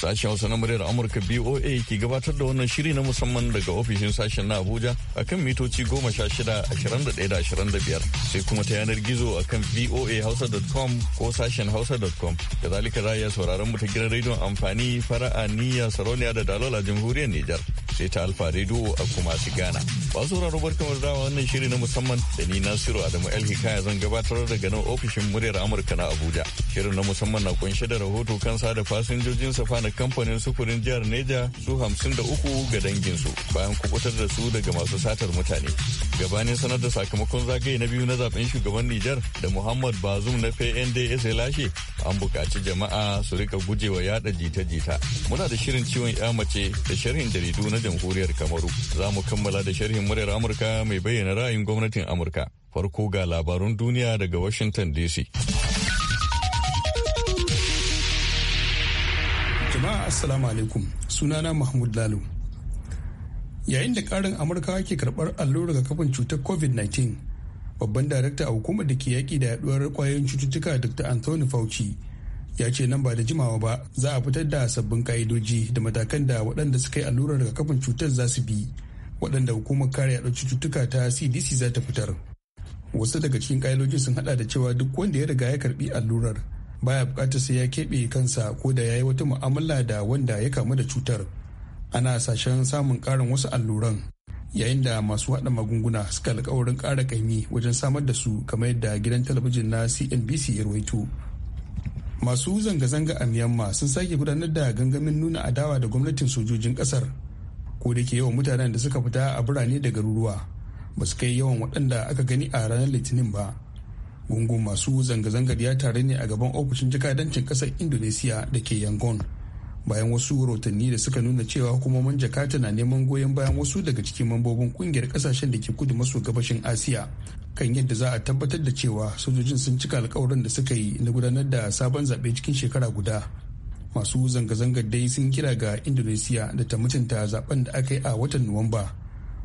Sashen Hausa na muryar Amurka BOA ke gabatar da wannan shiri na musamman daga ofishin sashen na Abuja akan mitoci goma sha shida ashirin da da ashirin da biyar sai kuma ta yanar gizo akan voahausa.com ko sashen hausa.com. zalika za a iya sauraron mu ta gidan rediyon amfani fara'a niyya sarauniya da dalola jamhuriyar Nijar. sai ta Alfa Radio a kuma su Ghana. Ba barka barkamu da wannan shiri na musamman da ni Nasiru Adamu alhi kaya zan gabatar daga nan ofishin muryar Amurka na Abuja. Shirin na musamman na kunshe da rahoto kan sada fasinjojin safa na kamfanin sufurin jihar Neja su hamsin da uku ga danginsu bayan kubutar da su daga masu satar mutane. Gabanin sanar da sakamakon zagaye na biyu na zaben shugaban Nijar da Muhammad Bazum na PNDS ya lashe an buƙaci jama'a su rika gujewa yaɗa jita-jita. Muna da shirin ciwon ya mace da sharhin jaridu na jamhuriyar Kamaru. Za mu kammala da sharhin muryar Amurka mai bayyana ra'ayin gwamnatin Amurka. Farko ga labarun duniya daga Washington DC. Jama'a Assalamu alaikum. Sunana Mahmud lalu Yayin da karin Amurka ke karɓar allurar kafin cutar COVID-19, babban darakta a hukumar da ke yaƙi da yaduwar kwayoyin cututtuka Dr. Anthony Fauci ya ce nan ba da jimawa ba za a fitar da sabbin ka'idoji da matakan da waɗanda suka yi allurar rigakafin cutar za su bi waɗanda hukumar kare yaɗa cututtuka ta cdc za ta fitar wasu daga cikin ka'idojin sun haɗa da cewa duk wanda ya riga ya karbi allurar baya bukatar sai ya keɓe kansa ko da ya yi wata mu'amala da wanda ya kamu da cutar ana sashen samun karin wasu alluran yayin da masu haɗa magunguna suka alƙawarin kara kaimi wajen samar da su kamar yadda gidan talabijin na cnbc ya ruwaito masu zanga-zanga a myanmar sun sake gudanar da gangamin nuna adawa da gwamnatin sojojin kasar ko da ke yawan mutanen da suka fita a birane da garuruwa ba su kai yawan waɗanda aka gani a ranar litinin ba gungun masu zanga-zangar ya tare ne a gaban ofishin jakadancin ƙasar indonesiya da ke yangon bayan wasu rahotanni da suka nuna cewa hukumomin jakarta na neman goyon bayan wasu daga cikin mambobin kungiyar kasashen da ke kudu maso gabashin asiya kan yadda za a tabbatar da cewa sojojin sun cika alkawarin da suka yi na gudanar da sabon zaɓe cikin shekara guda masu zanga-zangar dai sun kira ga indonesia da ta mutunta zaben da aka yi a watan nuwamba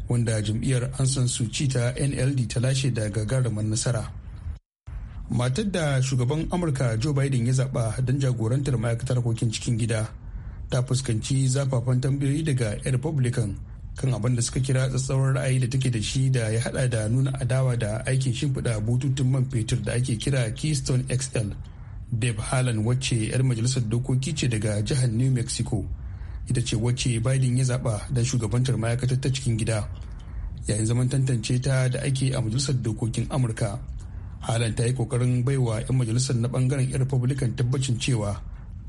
wanda jam'iyyar ansan ci ta nld ta lashe da gagarumar nasara matar da shugaban amurka joe biden ya zaba don jagorantar ma'aikatar harkokin cikin gida ta fuskanci zafafan tambayoyi daga 'yan republican kan abin da suka kira tsatsauran ra'ayi da take da shi da ya hada da nuna adawa da aikin shimfiɗa bututun man fetur da ake kira keystone xl deb halan wacce 'yar majalisar dokoki ce daga jihar new mexico ita ce wacce biden ya zaba don shugabantar ma'aikatar ta cikin gida yayin zaman tantance ta da ake a majalisar dokokin amurka halan ta yi kokarin baiwa 'yan majalisar na bangaren 'yan republican tabbacin cewa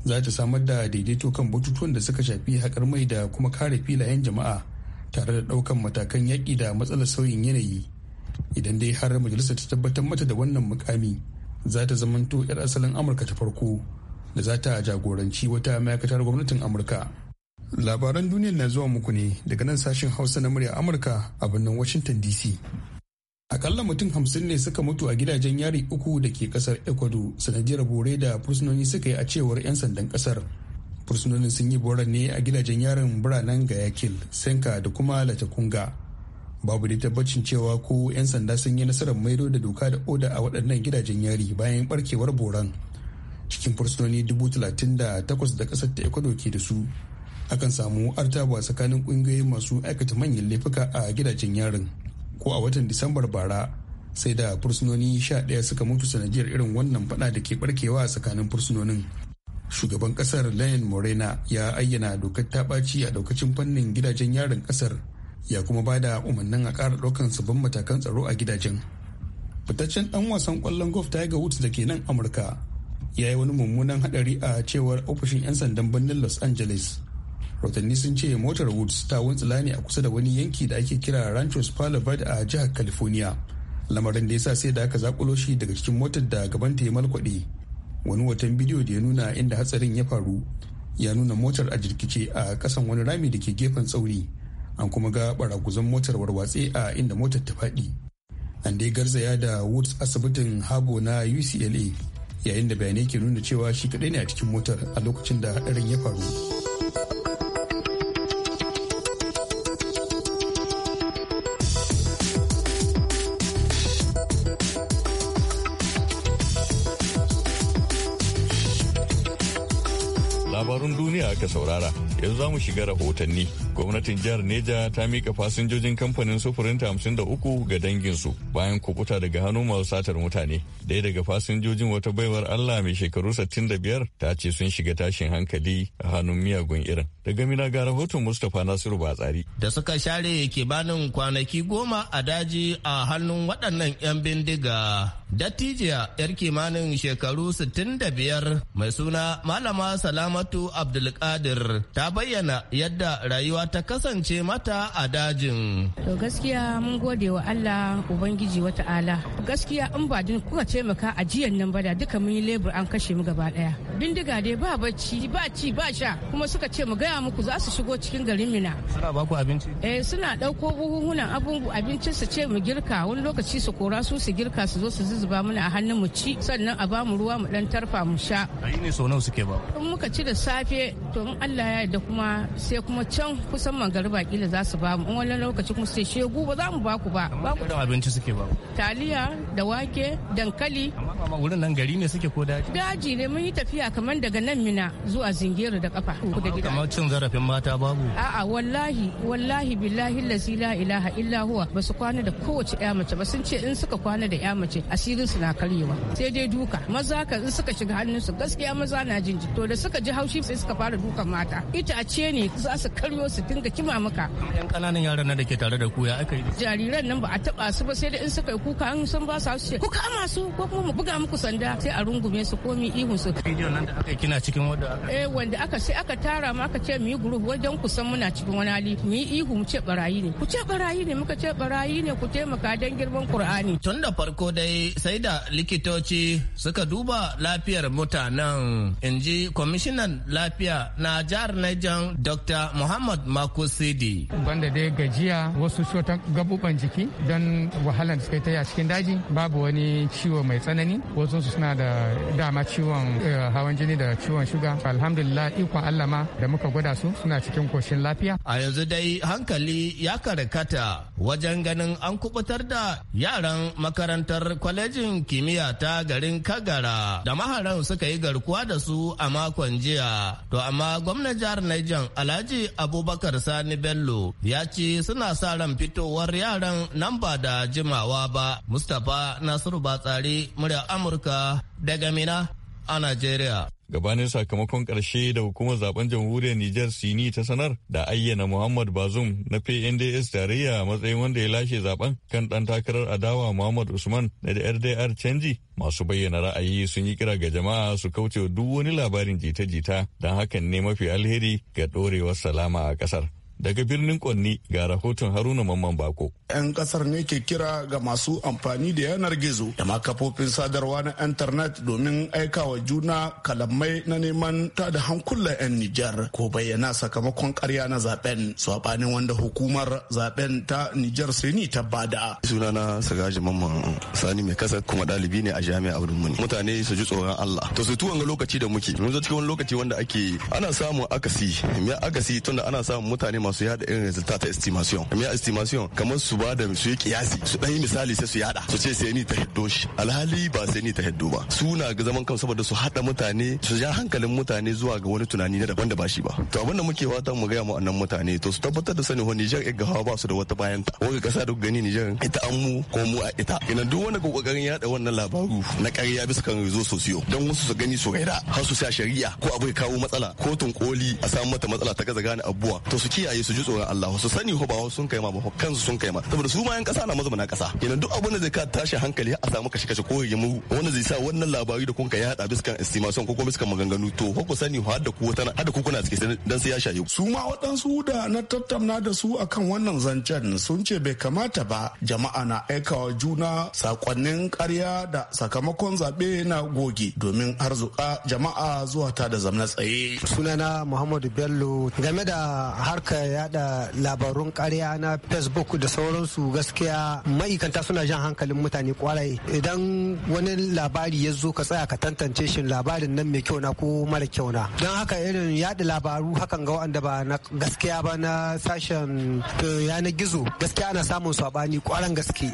za ta samar da daidaito kan batutuwan da suka shafi haƙar mai da kuma kare filayen jama'a tare da ɗaukan matakan yaƙi da matsalar sauyin yanayi idan dai har majalisa ta tabbatar mata da wannan mukami za ta zamanto 'yar asalin amurka ta farko da za ta jagoranci wata ma'aikatar gwamnatin amurka labaran duniya na zuwa muku ne daga nan sashen hausa na murya amurka a birnin washington dc akalla mutum hamsin ne suka mutu a gidajen yari uku da ke kasar ecuador sanadiyar bore da fursunoni suka yi a cewar 'yan sandan kasar fursunonin sun yi boran ne a gidajen yarin biranen gayakil senka da kuma latakunga babu da tabbacin cewa ko 'yan sanda sun yi nasarar maido da doka da oda a waɗannan gidajen yari bayan barkewar boran cikin fursunoni dubu talatin da takwas da ƙasar ta ecuador ke da su akan samu artaba tsakanin ƙungiyoyi masu aikata manyan laifuka a gidajen yarin ko a watan disambar bara sai da fursunoni sha ɗaya suka mutu sanadiyar irin wannan fada da ke barkewa a tsakanin fursunonin shugaban kasar lion morena ya ayyana dokar ta ɓaci a daukacin fannin gidajen yarin kasar ya kuma ba da umarnin a ƙara ɗaukan sabbin matakan tsaro a gidajen fitaccen ɗan wasan ƙwallon golf tiger woods da ke nan amurka ya yi wani mummunan haɗari a cewar ofishin 'yan sandan birnin los angeles rahotanni sun ce motar woods ta wuntsila ne a kusa da wani yanki da ake kira ranchos palabad a jihar california lamarin da ya sa sai da aka zakulo shi daga cikin motar da gaban ta ya malkwaɗe wani watan bidiyo da ya nuna inda hatsarin ya faru ya nuna motar a jirkice a kasan wani rami da ke gefen tsauni an kuma ga baraguzan motar warwatse a inda motar ta faɗi an dai garzaya da woods asibitin habo na ucla yayin da bayanai ke nuna cewa shi kaɗai ne a cikin motar a lokacin da haɗarin ya faru. saurara yanzu za mu shiga rahotanni gwamnatin jihar neja ta mika fasinjojin kamfanin sufurinta hamsin da uku ga danginsu bayan kubuta daga hannun masu satar mutane daya daga fasinjojin wata baiwar allah mai shekaru sittin da biyar ta ce sun shiga tashin hankali a hannun miyagun irin daga mina ga rahoton mustapha nasiru batsari da suka share ke kibanin kwanaki goma a daji a hannun waɗannan 'yan bindiga dattijiya 'yar kimanin shekaru sittin da biyar mai suna malama salamatu abdulkadir ta bayyana yadda rayuwa ta kasance mata a dajin. To gaskiya mun gode wa Allah Ubangiji wa ta'ala. Gaskiya in ba din kuka taimaka a jiyan nan ba da duka mun yi lebur an kashe mu gaba daya. Bindiga dai ba bacci ba ci ba sha kuma suka ce mu gaya muku za su shigo cikin garin Mina. Suna ba ku abinci? Eh suna buhunhunan buhuhunan abincin su ce mu girka wani lokaci su kora su su girka su zo su zuzuba mana a hannun mu ci sannan a ba mu ruwa mu dan tarfa mu sha. Ayi ne sau nawa suke ba? In muka ci da safe to in Allah ya yarda kuma sai kuma can kusan garba kila za su bamu in wani lokaci kuma sai shegu ba za mu baku ba ba ku da abinci suke ba taliya da wake dankali amma wurin nan gari ne suke ko daji daji ne mun yi tafiya kamar daga nan mina zuwa zingero da kafa da gida kamar cin zarafin mata babu a'a wallahi wallahi billahi lazi la ilaha illa huwa ba su kwana da kowace ya mace ba sun ce in suka kwana da ya mace asirin su na karyewa sai dai duka maza ka in suka shiga hannun su gaskiya maza na jinji to da suka ji haushi sai suka fara dukan mata ita a ce ne za su karyo su dinga kima maka yan kananan yaran nan da ke tare da ku ya aka yi jariran nan ba a taba su ba sai da in suka yi kuka an san ba su su ce kuka ma su ko kuma mu buga muku sanda sai a rungume su ko mi ihun su bidiyon nan da aka yi kina cikin wanda aka eh wanda aka sai aka tara mu aka ce mu yi group wajen ku san muna cikin wani hali mu yi ihu mu ce barayi ne ku ce barayi ne muka ce barayi ne ku taimaka don girman Qur'ani tun da farko dai sai da likitoci suka duba lafiyar mutanen in ji kwamishinan lafiya na jihar Niger Dr. Muhammad mako sede banda dai gajiya wasu shotan gabuban jiki don wahalar da suka ta cikin daji babu wani ciwo mai tsanani wasu suna da dama ciwon eh, hawan jini da ciwon shuga alhamdulillah ikon allah ma da muka gwada su suna cikin koshin lafiya a yanzu dai hankali ya karkata wajen ganin an kubutar da yaran makarantar kwalejin kimiyya ta garin kagara da maharan suka yi garkuwa da su a makon jiya to amma gwamnan jihar niger alhaji abubakar abubakar sani bello ya ce suna sa ran fitowar yaran nan ba da jimawa ba mustapha nasiru batsari murya amurka daga mina a Najeriya. Gabanin sakamakon ƙarshe da hukumar zaben jamhuriyar Nijar Sini ta sanar da ayyana Muhammad Bazum na PNDS tarayya a matsayin wanda ya lashe zaben kan ɗan takarar adawa Muhammad Usman na da RDR canji masu bayyana ra'ayi sun yi kira ga jama'a su kauce duk wani labarin jita-jita don hakan ne mafi alheri ga ɗorewar salama a ƙasar. Daga birnin Kwanni ga rahoton Haruna Mamman Bako. 'Yan kasar ne ke kira ga masu amfani da yanar gizo da ma kafofin sadarwa na intanet domin aikawa juna kalamai na neman ta da hankulan 'yan Nijar ko bayyana sakamakon karya na zaben sabanin wanda hukumar zaben ta Nijar sani ta bada. Sunana Sagaji Mamman Sani mai kasa kuma ɗalibi ne a jami'a Abdul Muni. Mutane su ji tsoron Allah. To su tuwon ga lokaci da muke. Mun zo cikin wani lokaci wanda ake ana samun akasi. Me akasi tunda ana samun mutane masu yada irin resultat ta estimation me estimation kamar su ba da su yi kiyasi su dan yi misali sai su yada su ce sai ni ta heddo shi alhali ba sai ni ta heddo ba su na ga zaman kan saboda su hada mutane su ja hankalin mutane zuwa ga wani tunani na daban da ba shi ba to abinda muke fata mu ga mu annan mutane to su tabbatar da sani ho Niger ga gahawa ba su da wata bayan ta wani kasa duk gani Niger ita an mu ko mu a ita ina duk wani kokarin yada wannan labaru na ƙarya bisa kan rezo sosiyo don wasu su gani su raida har su sa shari'a ko abu ya kawo matsala kotun koli a samu mata matsala ta gaza gane abuwa to su kiyaye iyaye su ji tsoron Allah su sani ko ba sun kai ma ba kansu sun kai ma saboda su ma yan kasa na mazauna kasa kenan duk abin da zai ka tashi hankali a samu kashe kashe ko mu wanda zai sa wannan labari da kun ka hada biskan estimation ko kuma biskan maganganu to ko ku sani har da ku tana da ku kuna cike dan sai ya shaye su ma waɗansu da na tattauna da su akan wannan zancen sun ce bai kamata ba jama'a na aikawa juna sakonnin ƙarya da sakamakon zaɓe na goge domin arzuka jama'a zuwa ta da zamna tsaye sunana muhammadu bello game da harkar yada labarun karya na facebook da sauransu gaskiya ma'aikanta suna jan hankalin mutane kwarai idan wani labari ya zo ka tsaya ka tantance shi labarin nan mai kyau na ko mara kyau na don haka irin yada labaru hakan ga wanda ba na gaskiya ba na sashen eh, yanar gizo gaskiya ana samun sabani kwaran gaske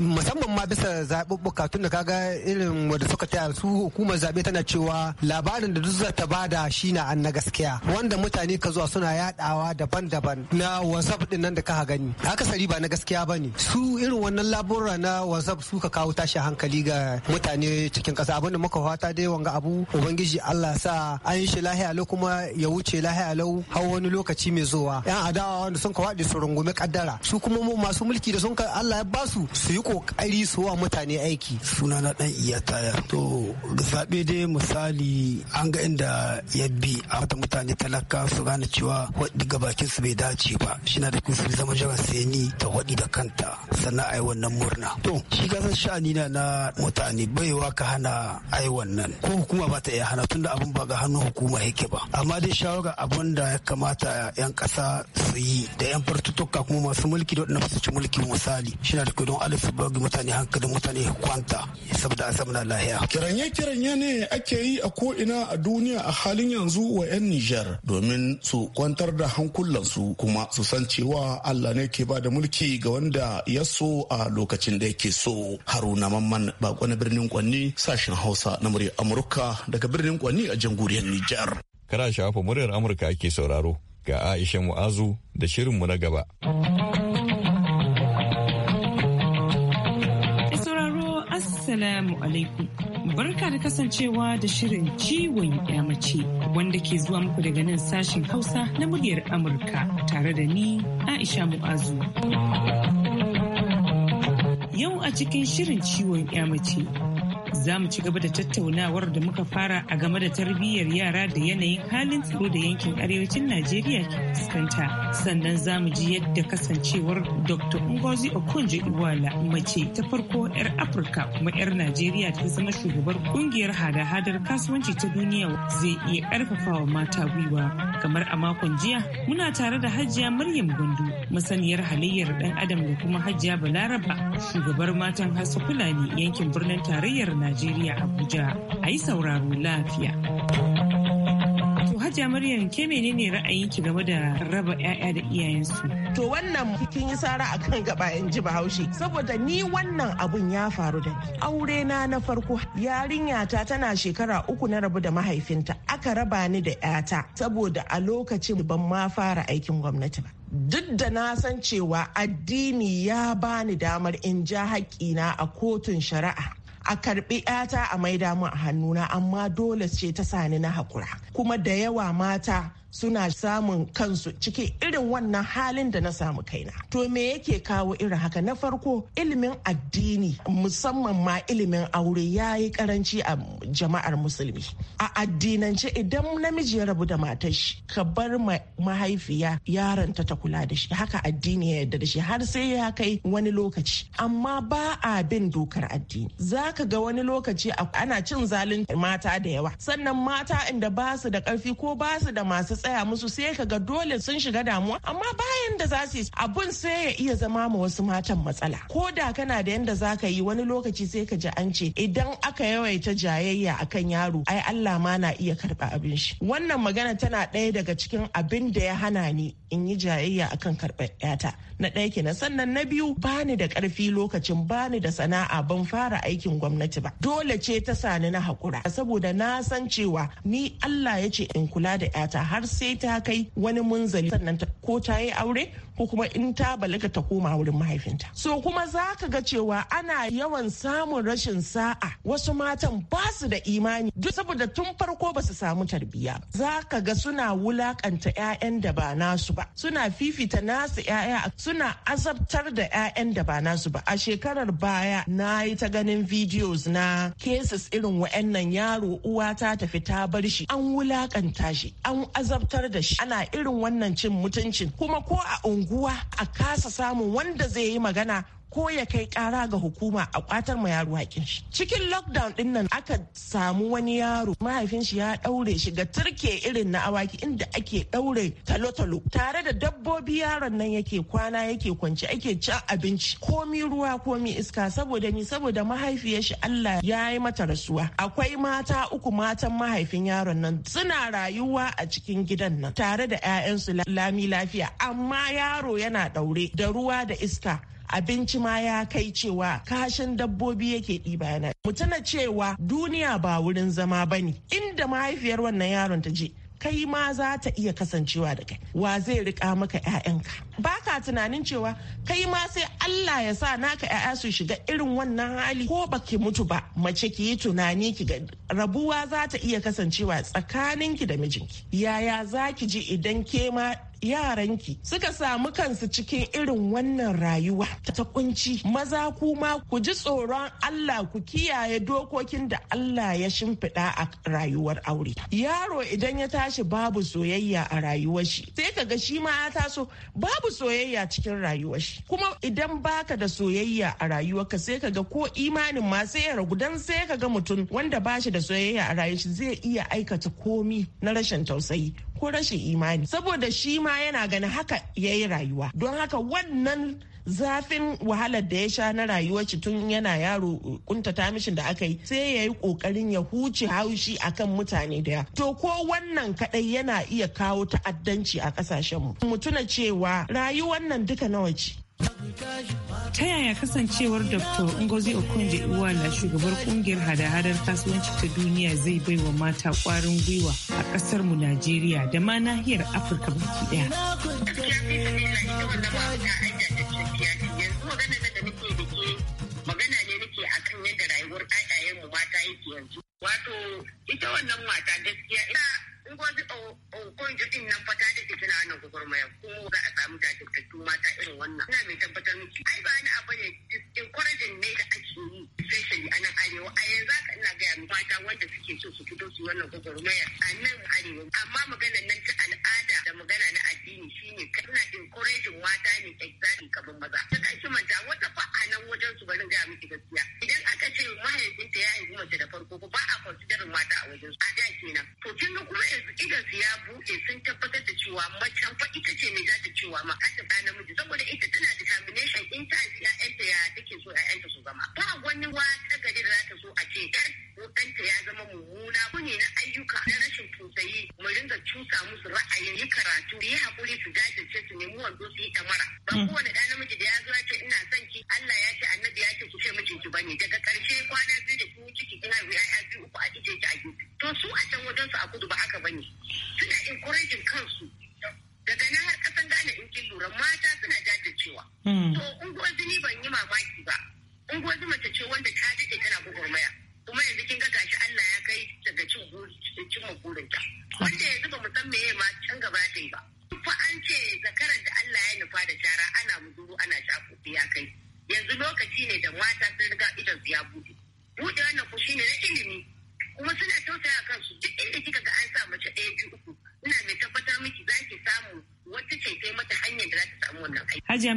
musamman ma bisa zaɓuɓɓuka tun da kaga irin wanda suka taya su hukumar zaɓe tana cewa labarin da duk za ta bada shi na an na gaskiya wanda mutane ka zuwa suna yadawa daban-daban daban na whatsapp din nan da ka gani sari ba na gaskiya ba ne su irin wannan labura na whatsapp su ka kawo tashi hankali ga mutane cikin kasa abin da muka fata dai wanga abu ubangiji Allah sa an shi lahiya lau kuma ya wuce lahiya lau har wani lokaci mai zuwa yan adawa wanda sun ka wadi su rungume kaddara su kuma masu mulki da sun ka Allah ya ba su su yi kokari su wa mutane aiki suna na dan iya taya to zabe dai misali an ga inda ya bi a mutane talaka su gane cewa wadda gabakin su bai dace ba shi na da kusuri zama jama sai ta waɗi da kanta sannan ai wannan murna to shi kasan sha'ani na na mutane baiwa ka hana ai wannan ko hukuma ba ta iya hana tunda abin ba ga hannun hukuma yake ba amma dai shawara abin da ya kamata yan kasa su yi da yan fartutuka kuma masu mulki da waɗanda su ci mulki misali shi na da kudin alifu bagi mutane hankalin mutane kwanta saboda a zamana lahiya. kiranye-kiranye ne ake yi a ko ina a duniya a halin yanzu wa 'yan Nijar domin su kwantar da hankulansu su kuma su san cewa Allah ne ke ba da mulki ga wanda ya so a lokacin da yake so haruna mamman bako na birnin kwanni sashen hausa na muryar amurka daga birnin kwanni a jamhuriyar nijar kara shafa muryar amurka ake sauraro ga aisha mu'azu da shirin mu na gaba Assalamu alaikum. Barka da kasancewa da shirin ciwon mace wanda ke zuwa muku daga nan sashen Hausa na muryar Amurka tare da ni Aisha Mu'azu. Yau a cikin shirin ciwon mace za mu ci gaba da tattaunawar da muka fara a game da tarbiyyar yara da yanayin halin tsaro da yankin arewacin najeriya ke fuskanta sannan za mu ji yadda kasancewar dr ngozi okonjo iwala mace ta farko 'yar afirka kuma 'yar najeriya ta zama shugabar kungiyar hada-hadar kasuwanci ta duniya zai iya karfafa wa mata gwiwa kamar a makon jiya muna tare da hajiya maryam gundu masaniyar halayyar dan adam da kuma hajiya balaraba shugabar matan hasu fulani yankin birnin tarayyar najeriya abuja a yi sauraro lafiya Hajiya Maryam ke menene ra'ayinki game da raba 'ya'ya da iyayensu? To wannan kin yi sara kan gaba in ji Bahaushe saboda ni wannan abun ya faru da ni. Aure na na farko Yarinyata tana shekara uku na rabu da mahaifinta aka raba ni da 'yata saboda a lokacin ban ma fara aikin gwamnati ba. duk da na san cewa addini ya bani damar in ja haƙƙina a kotun shari'a a karɓi yata a maida mu a hannuna amma dole ce ta sani na haƙura. kuma da yawa mata suna samun kansu cikin irin wannan halin da na samu kaina. To me yake kawo irin haka na farko ilimin addini musamman ma ilimin aure ya yi karanci a jama'ar musulmi. A addinance idan namiji ya rabu da matar shi ka bar mahaifiya yaron ta kula da shi haka addini ya yarda da shi har sai ya kai wani lokaci amma ba a bin dokar addini. Za ka ga wani lokaci ana cin zalin mata da yawa sannan mata inda basu da karfi ko basu da masu tsaya musu sai ka ga dole sun shiga damuwa amma bayan da za su abun sai ya iya zama ma wasu matan matsala ko da kana da yanda za ka yi wani lokaci sai ka ji an ce idan aka yawaita jayayya akan yaro ai Allah ma na iya karba abin shi wannan magana tana ɗaya daga cikin abin da ya hana ni in yi jayayya akan karɓar yata na ɗaya kenan sannan na biyu bani da ƙarfi lokacin bani da sana'a ban fara aikin gwamnati ba dole ce ta sani na haƙura saboda na san cewa ni Allah ya ce in kula da yata har sai ta kai wani munzali sannan ko ta yi aure ko kuma in ta balaga ta koma wurin mahaifinta so kuma za ka ga cewa ana yawan samun rashin sa'a wasu matan ba su da imani duk saboda tun farko ba su samu tarbiyya za ka ga suna wulakanta 'ya'yan da ba nasu ba suna fifita nasu 'ya'ya suna azabtar da 'ya'yan da ba nasu ba a shekarar baya na yi ta ganin videos na cases irin wa'annan yaro uwa ta tafi ta bar shi an wulakanta shi an azabtar da shi ana irin wannan cin mutuncin kuma ko a unguwa a kasa samun wanda zai yi magana ko ya kai kara ga hukuma a kwatar ma yaro hakin shi cikin lockdown din nan aka samu wani yaro mahaifin shi ya daure shi ga turke irin na awaki inda ake daure talo-talo tare da dabbobi yaron nan yake kwana yake kwanci ake cin abinci komi ruwa komi iska saboda ni saboda mahaifiyar shi Allah ya yi mata rasuwa akwai mata uku matan mahaifin yaron nan suna rayuwa a cikin gidan nan tare da 'ya'yansu lami lafiya amma yaro yana daure da ruwa da iska abinci ma ya kai cewa kashin dabbobi yake ɗiba yana mu tana cewa duniya ba wurin zama ba ne. inda mahaifiyar wannan yaron ta je kai ma za ta iya kasancewa da kai wa zai riƙa maka 'ya'yanka ba ka tunanin cewa kai ma sai Allah ya sa naka 'ya'ya su shiga irin wannan hali ko baki mutu ba mace ki yi tunani ki ga rabuwa za ta iya kasancewa tsakaninki da mijinki yaya za ki ji idan ke ma yaranki suka samu kansu cikin irin wannan rayuwa ta kunci maza kuma ku ji tsoron Allah ku kiyaye dokokin da Allah ya shimfiɗa a rayuwar aure yaro idan ya tashi babu soyayya a rayuwar shi sai kaga shi ma ya taso babu soyayya cikin rayuwar shi kuma idan baka da soyayya a rayuwarka sai kaga ko imanin ma sai ya ragu dan sai kaga mutum wanda bashi da soyayya a rayuwar shi zai iya aikata komi na rashin tausayi ko rashin imani saboda shi ma yana ganin haka ya yi rayuwa don haka wannan zafin wahalar da ya sha na rayuwar shi tun yana yaro uh, kuntata mishin da aka yi sai ya yi kokarin ya huce haushi akan mutane da to ko wannan kadai yana iya kawo ta'addanci a kasashen mu mutuna cewa rayuwar nan duka nawa ce ta yaya kasancewar dr ngozi okonjo iwala shugabar kungiyar hada-hadar kasuwanci ta duniya zai bai wa mata kwarin gwiwa a kasar mu najeriya da ma nahiyar afirka baki daya magana ne nake akan yadda rayuwar mu mata yake yanzu Wato ita wannan mata gaskiya ina in gwazi jirgin nan fata da ke tana wannan gwagwarmaya kuma za a samu jajirtattu mata irin wannan. Ina mai tabbatar miki ai ba ni abu ne encouraging ne da ake yi especially a nan arewa a yanzu haka ina gaya mata wanda suke so su fito su wannan gwagwarmaya a nan arewa amma maganar nan ta al'ada da magana na addini shine kana encouraging mata ne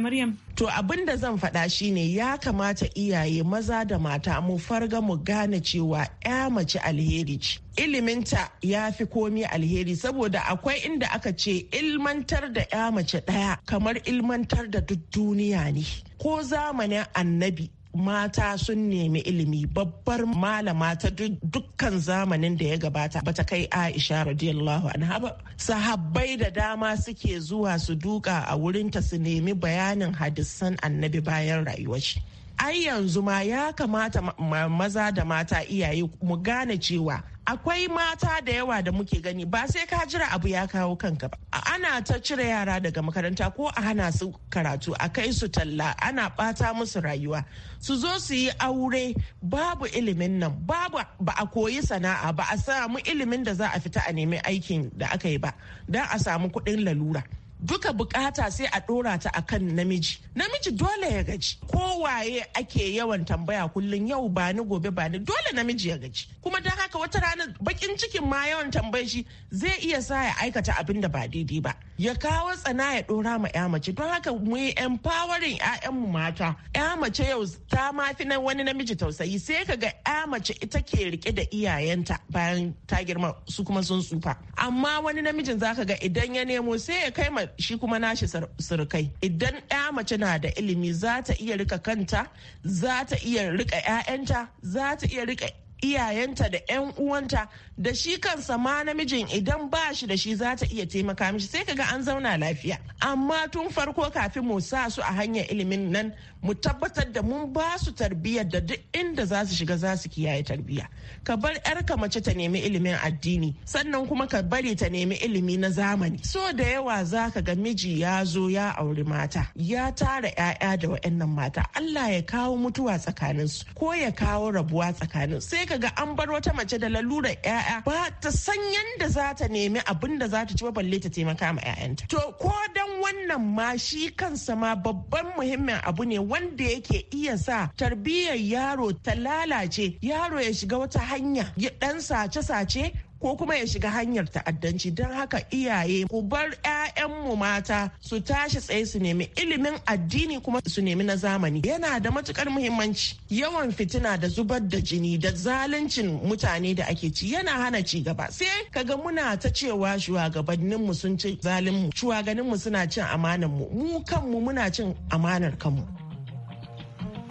Maryam? To abin da zan faɗa shine ya kamata iyaye maza da mata mu farga mu gane cewa 'ya mace alheri ce. Iliminta ya fi komi alheri saboda akwai inda aka ce ilmantar da 'ya mace ɗaya kamar ilmantar da duk duniya ne. Ko zamanin annabi mata sun nemi ilimi babbar malama ta dukkan zamanin da ya gabata ta kai aisha radiyallahu anha ba sahabbai da dama suke zuwa su duka a wurinta su nemi bayanin hadisan annabi bayan rayuwar shi ai yanzu ma ya kamata maza da mata iyaye mu gane cewa akwai mata da yawa da muke gani ba sai ka jira abu ya kawo kanka ba ana ta cire yara daga makaranta ko a hana su karatu a kai su talla ana bata musu rayuwa su zo su yi aure babu ilimin nan babu ba a koyi sana'a ba a samu ilimin da za a fita a nemi aikin da aka yi ba don a samu kuɗin lalura duka bukata sai a dora ta akan namiji namiji dole ya gaji kowaye ake yawan tambaya kullum yau ba ni gobe ba ni dole namiji ya gaji kuma don haka wata rana bakin cikin ma yawan tambayar shi zai iya sa ya aikata abin da ba daidai ba ya kawo tsana ya dora ma ya mace don haka mu yi empowering mu mata ya mace yau ta ma fi na wani namiji tausayi sai ka ga ya mace ita ke rike da iyayenta bayan ta girma su kuma sun tsufa amma wani namijin zaka ga idan ya nemo sai ya kai ma shi kuma nashi surukai idan ɗaya mace na da ilimi za ta iya rika kanta za ta iya rika 'ya'yanta za ta iya rika iyayenta da 'yan uwanta da shi kansa ma namijin idan ba shi da shi za ta iya taimaka mishi sai kaga an zauna lafiya amma tun farko kafin mu sa su a hanyar ilimin nan mu tabbatar da mun ba su tarbiyyar da duk inda za su shiga za su kiyaye tarbiyya ka bar yarka mace ta nemi ilimin addini sannan kuma ka bari ta nemi ilimi na zamani so da yawa za ka ga miji ya zo ya auri mata ya tara 'ya'ya da wa'annan mata Allah ya kawo mutuwa tsakaninsu ko ya kawo rabuwa tsakanin sai ka ga an bar wata mace da lalura 'ya'ya ba ta san yanda za ta nemi abin da za ta ci ba balle ta taimaka ma 'ya'yanta to ko dan wannan ma shi kansa ma babban muhimmin abu ne wanda yake iya sa tarbiyyar yaro ta lalace yaro ya shiga wata hanya ya dan sace-sace ko kuma ya shiga hanyar ta'addanci don haka iyaye ku bar 'ya'yanmu mata su tashi tsaye su nemi ilimin addini kuma su nemi na zamani yana da matukar muhimmanci yawan fitina da zubar da jini da zaluncin mutane da ake ci yana hana ci gaba sai kaga muna ta cewa shugabanninmu sun ci zalinmu shugabanninmu suna cin amanar mu mu kanmu muna cin amanar kanmu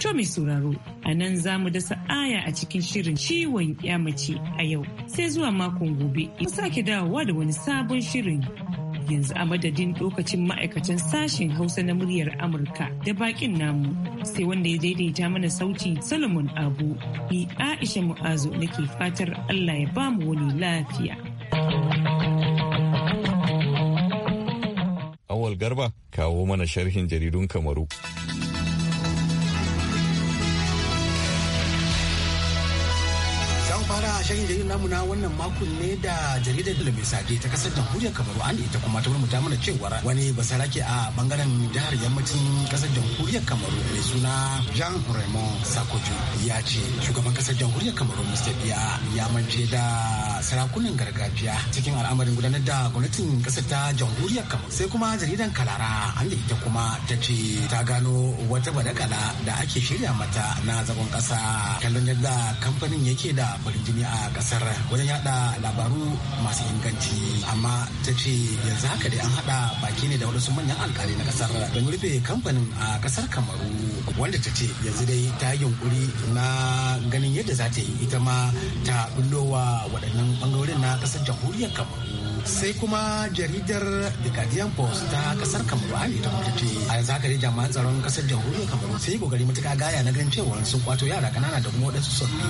To mai sauraro, a nan za mu dasa aya a cikin shirin ciwon mace a yau. Sai zuwa makon gobe, mu sake dawowa da wani sabon shirin. Yanzu a madadin lokacin ma'aikatan sashen Hausa na muryar Amurka da bakin namu, sai wanda ya daidaita mana sauti Solomon Abu, ni Aisha Mu'azu nake fatar Allah ya ba mu wani lafiya. Awal Garba kawo mana sharhin jaridun Kamaru. fara shirin jaridar namu na wannan makon ne da jaridar da mai ta kasar jamhuriyar kamaru an ita kuma ta mana cewa wani basarake a bangaren jihar yammacin kasar jamhuriyar kamaru mai suna jean raymond sakoju ya ce shugaban kasar jamhuriyar kamaru mr biya ya mance da sarakunan gargajiya cikin al'amarin gudanar da gwamnatin kasar ta jamhuriyar kamaru sai kuma jaridar kalara an ita kuma ta ce ta gano wata badakala da ake shirya mata na zagon kasa kallon yadda kamfanin yake da bari jini a kasar wajen yada labaru masu inganci amma ta ce yanzu haka dai an hada baki ne da wadansu manyan alkali na kasar don rufe kamfanin a kasar kamaru wanda ta ce yanzu dai ta yi yunkuri na ganin yadda za ta yi ita ma ta bullowa waɗannan bangarorin na kasar jamhuriyar kamaru sai kuma jaridar the guardian post ta kasar kamaru ta wata ce a yanzu haka jami'an tsaron kasar jamhuriyar kamaru Sai ko gari matuka gaya na ganin cewa sun kwato yara kanana da kuma waɗansu sabbi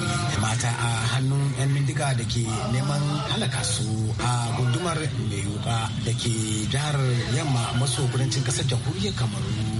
mata a hannun yan bindiga da ke neman halaka su a gundumar mai da ke jihar yamma maso kudancin kasar jamhuriyar kamaru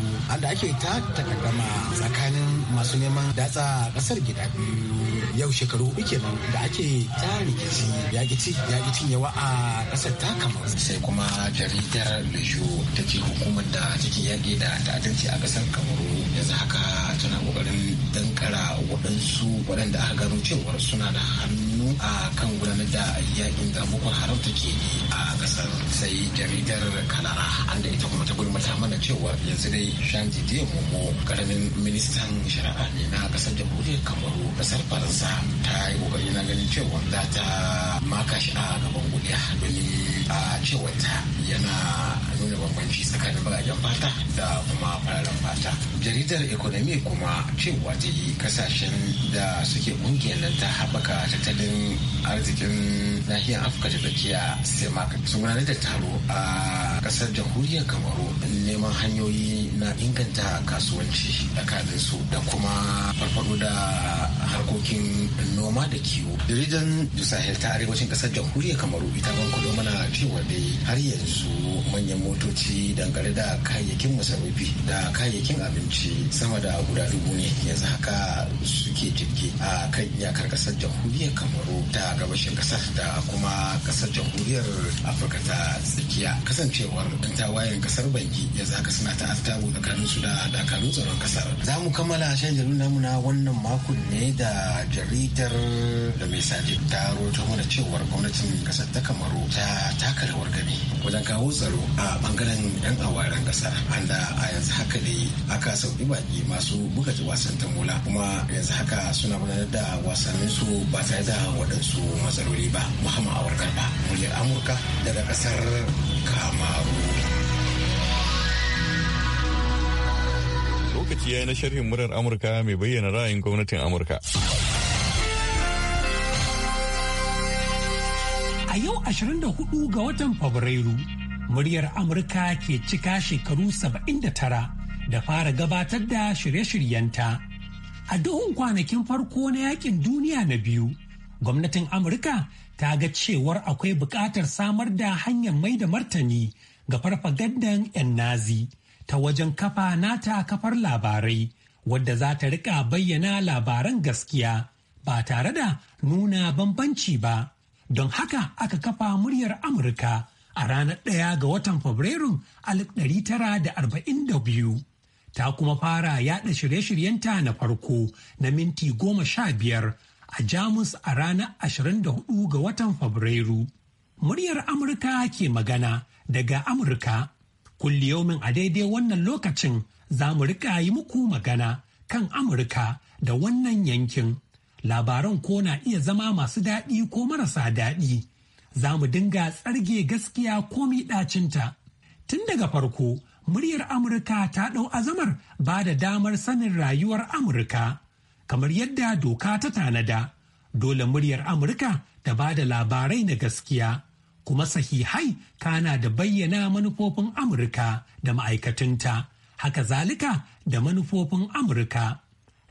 da ake ta takaddama tsakanin masu neman datsa kasar gida biyu yau shekaru uku kenan da ake ta rikici ya gici ya yawa a kasar ta kamar sai kuma jaridar lejo ta ce hukumar da take yaƙi da ta'addanci a kasar kamaru yanzu haka tana kokarin dankara waɗansu waɗanda aka gano cewar suna da hannu hannu a kan gudanar da yakin da boko haram take a kasar sai jaridar Kanara an da ita kuma ta gulmata mana cewa yanzu dai shanti de momo karamin ministan shari'a ne na kasar jamhuriyar kamaru kasar faransa ta yi kokari na ganin cewa za ta maka shi a gaban kuliya domin a cewa ta yana nuna bambanci tsakanin bagajen fata da kuma fararen fata jaridar economy kuma cewa ta yi kasashen da suke kungiyar nan ta haɓaka tattalin arzikin nahiyar afirka ta tsakiya sai sun gudanar da taro a Ƙasar kasar jamhuriyar kamaru neman hanyoyi na inganta kasuwanci tsakanin su da kuma farfado da harkokin noma da kiwo Dirijan sahel ta arewacin kasar jamhuriyar kamaru ita ban kudo mana cewa dai har yanzu manyan motoci dangane da kayayyakin masarufi da kayayyakin abinci sama da guda dubu ne yanzu haka suke jirgi a kan iyakar kasar jamhuriyar kamaru ta gabashin kasar da kuma kasar jamhuriyar afirka ta tsakiya kasancewa cewar ta tawayen kasar banki yanzu haka suna ta artabu tsakanin su da dakarun tsaron kasar za mu kammala shan jaridar namu na wannan makon ne da jaridar da mai saje ta roto mana cewar gwamnatin kasar ta kamaru ta taka rawar gani wajen kawo tsaro a bangaren yan awaren kasar anda a yanzu haka ne aka sauki baki masu buga wasan mola kuma yanzu haka suna gudanar da wasannin su ba tare da waɗansu matsaloli ba muhammad awar garba muryar amurka daga kasar lokaci ya yi na sharhin murar amurka mai bayyana ra'ayin gwamnatin amurka a yau 24 ga watan fabrairu muryar amurka ke cika shekaru 79 da fara gabatar da shirye-shiryenta a duhun kwanakin farko na yakin duniya na biyu gwamnatin amurka ta ga cewar akwai buƙatar samar da hanyar mai da martani ga farfagandan 'yan nazi ta wajen kafa nata kafar labarai wadda za ta rika bayyana labaran gaskiya ba tare da nuna bambanci ba don haka aka kafa muryar amurka a ranar ɗaya ga watan fabrairun 1942 ta kuma fara yaɗa shirye-shiryenta na farko na minti goma sha biyar a Jamus a ranar 24 ga watan Fabrairu. Muryar Amurka ke magana daga Amurka. Kulli yaumin a daidai wannan lokacin za mu rika yi muku magana kan Amurka da wannan yankin. Labaran ko na iya zama masu daɗi ko marasa daɗi. Za mu dinga tsarge gaskiya ko miɗacinta. Tun daga farko, muryar Amurka ta ɗau azamar ba da damar sanin rayuwar Amurka. kamar yadda doka ta tanada dole muryar amurka ta ba da labarai na gaskiya kuma sahihai kana da bayyana manufofin amurka da ma'aikatunta haka zalika da manufofin amurka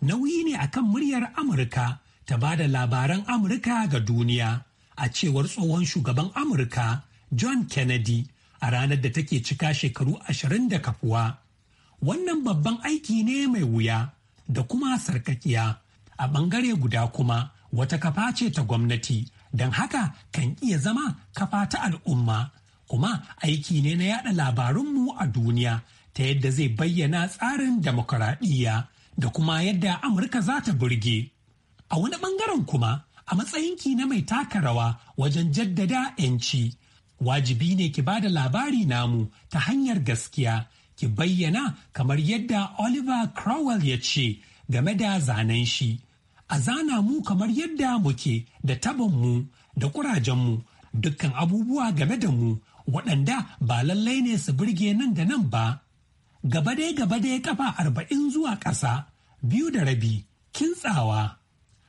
nauyi ne akan muryar amurka ta ba da labaran amurka ga duniya a cewar tsohon shugaban amurka john kennedy a ranar da take cika shekaru ashirin da kafuwa wannan babban aiki ne mai wuya da kuma sarkakiya a ɓangare guda kuma wata kafa ce ta gwamnati don haka kan iya zama kafa ta al'umma kuma aiki ne na yada labarunmu a duniya ta yadda zai bayyana tsarin demokuraɗiyya da kuma yadda amurka za ta burge a wani ɓangaren kuma a matsayinki na mai taka rawa wajen jaddada 'yanci wajibi ne ki bada labari namu ta hanyar gaskiya ki bayyana kamar yadda Oliver Crowell ya ce game da zanen shi. A zana mu kamar yadda muke da mu da ƙurajenmu dukkan abubuwa game da mu waɗanda ba lallai ne su burge nan da nan ba. Gaba dai gaba dai kafa arba'in zuwa ƙasa biyu da rabi kintsawa.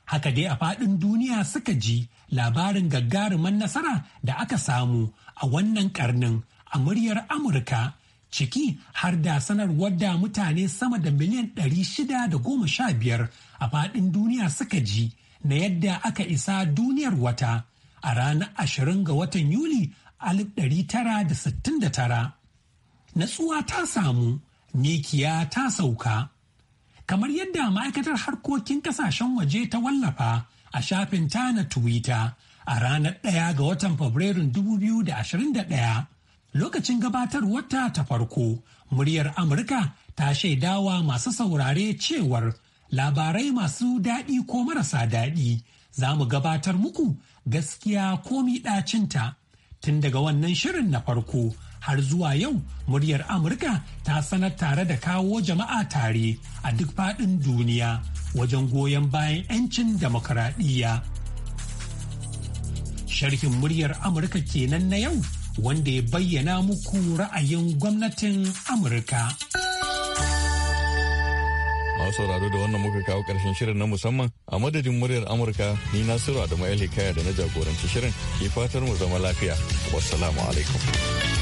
Haka dai a faɗin duniya suka ji labarin gaggaruman nasara da aka samu a wannan ƙarnin a muryar Amurka ciki har da sanarwar da mutane sama da miliyan 615 a faɗin duniya suka ji na yadda aka isa duniyar wata a ranar 20 ga watan Yuli 1969. Natsuwa ta samu, Nikiya ta sauka. Kamar yadda ma'aikatar harkokin kasashen waje ta wallafa a shafin ta na Twitter a ranar ɗaya ga watan Fabrairun 2021 Lokacin gabatar wata ta farko, muryar Amurka ta shaidawa masu saurare cewar labarai masu daɗi ko marasa daɗi za mu gabatar muku gaskiya ko miɗacinta. Tun daga wannan shirin na farko har zuwa yau muryar Amurka ta sanar tare da kawo jama'a tare a duk faɗin duniya wajen goyon bayan 'yancin demokradiyya Sharhin muryar Amurka kenan na yau. wanda ya bayyana muku ra'ayin gwamnatin Amurka. masu sauraro da wannan muka kawo karshen shirin na musamman a madadin muryar amurka ni nasiru adamu hikaya da na jagoranci shirin ke fatar mu zama lafiya wassalamu alaikum